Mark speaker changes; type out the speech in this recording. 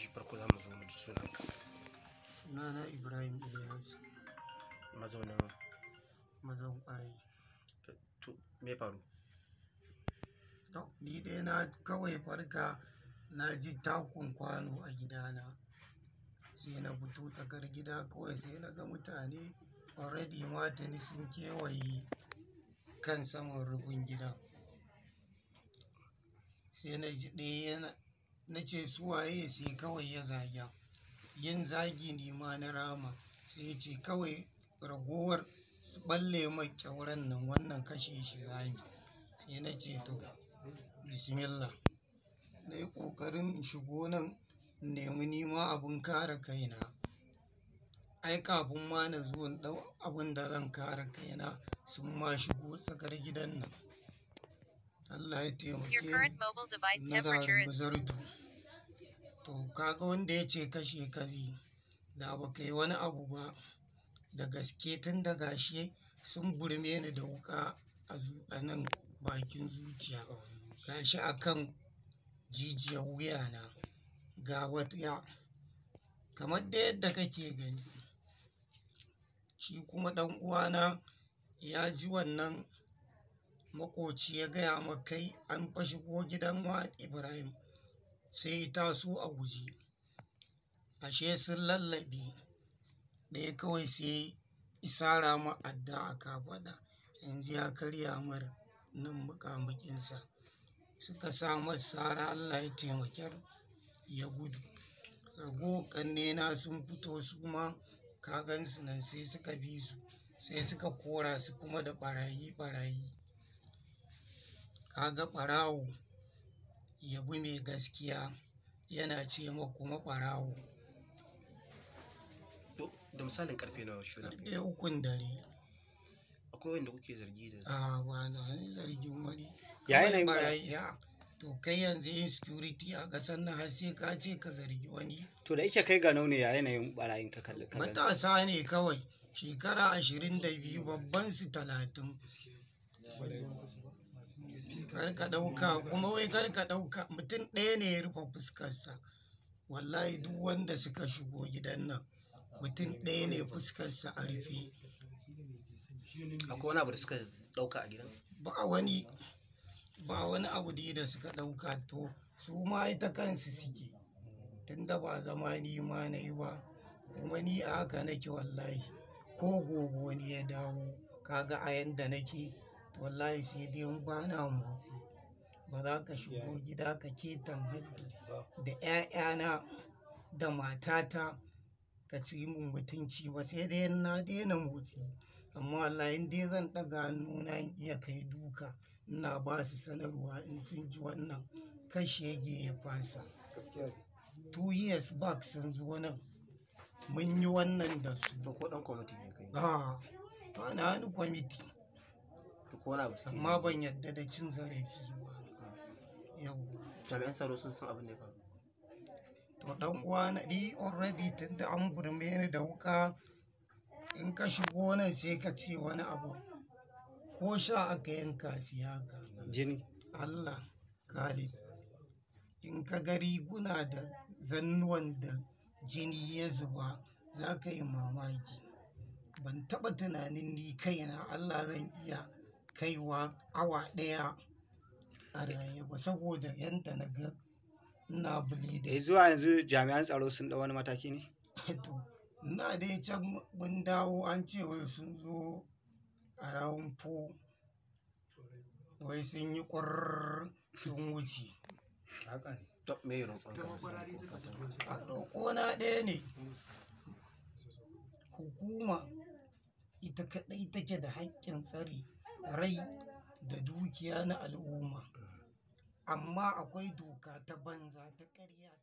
Speaker 1: ji farko za mu zo mu ji Sunana Ibrahim Ilyas. Mazaunin? Mazan To, me faru? To, ni dai na kawai farka na ji takun kwano a gidana. Sai na fito tsakar gida kawai sai na ga mutane already ma sun kewaye kan saman rufin gidan. Sai na ji ɗaya yana na ce su waye sai kawai ya zaga. Yin zagi ne ma na rama sai ya ce kawai ragowar su ɓalle mai ƙyauren nan wannan kashe shi rami, Sai na ce to bismillah. Na yi ƙoƙarin shigo nan nemi nima abin kare kaina. Ai kafin ma na zo abin da zan kare kaina sun ma shigo tsakar gidan nan. Allah ya taimake ni na da to kaga wanda ya ce kashe kare da ba yi wani abu ba da gaske tun da gashi sun gurme ni da wuƙa a nan bakin zuciya gashi a kan jijiyar wuyana ga wata kamar da yadda kake gani shi kuma ɗan uwana ya ji wannan maƙoci ya gaya ma kai an fashi ko gidan wa Ibrahim sai ya taso a guje ashe sun lallabi. ɗaya kawai sai isara ma adda a kafaɗa yanzu ya karya mar nan muƙamuƙinsa suka sa masara Allah ya taimakar, ya gudu rago ƙannena sun fito su ma ka nan sai suka bi su sai suka kora su kuma da ɓarayi ɓarayi ka ga ɓarawo yabi mai gaskiya yana ce ma kuma ɓarawo. Da misalin ƙarfe nawa shi Ƙarfe ukun dare. Akwai wanda kuke zargi da?
Speaker 2: A ba na zargin wani.
Speaker 1: Ya yanayin ya to kai yanzu insecurity a ƙasar na har sai ka ce ka zargi wani. To da yake kai ga ne ya yanayin barayin ka kalli Matasa ne kawai shekara ashirin da babban su talatin. ka ɗauka kuma wai karka ɗauka mutum ɗaya ne ya rufe fuskarsa wallahi duk wanda suka shigo gidan nan mutum ɗaya ne fuskarsa a rufe akwai wani abu da suka ɗauka a gidan ba wani ba wani abu da suka ɗauka to su ma ita kansu suke tunda ba zama ni ma na yi ba kuma ni a haka nake wallahi ko gobe wani ya dawo kaga a yanda nake wallahi sai dai in bana motsi ba za ka shigo gida ka ketan haddi da 'ya'yana da matata ka ci mun mutunci ba sai dai na daina motsi amma wallahi in dai zan ɗaga nuna in iya kai duka ina ba su sanarwa in sun ji wannan kashege ya fasa two years back sun zo nan mun yi wannan da su da kwamiti ne kai ah, na wani kwamiti ko amma ban yadda da cin zarafi ba yau jami'an tsaro sun san abin to dan uwa na di already tunda an burme ni da wuka in ka shigo nan sai ka ce wani abu ko sha aka yanka siyaka jini Allah khalid in ka ga riguna da zannuwan da jini ya zuba za ka yi mamaki ban taɓa tunanin ni kaina Allah zan iya kaiwa awa ɗaya a rayuwa saboda yadda na ga ina bleeding. Eh zuwa yanzu jami'an tsaro sun ɗau wani mataki ne? To, ina dai can mun dawo an ce wai sun zo a rawun wai sun yi ƙwararrun sun wuce. a roƙo na ɗaya ne. Hukuma ita kaɗai take da haƙƙin tsari rai da dukiya na al'umma amma akwai doka ta banza ta ƙarya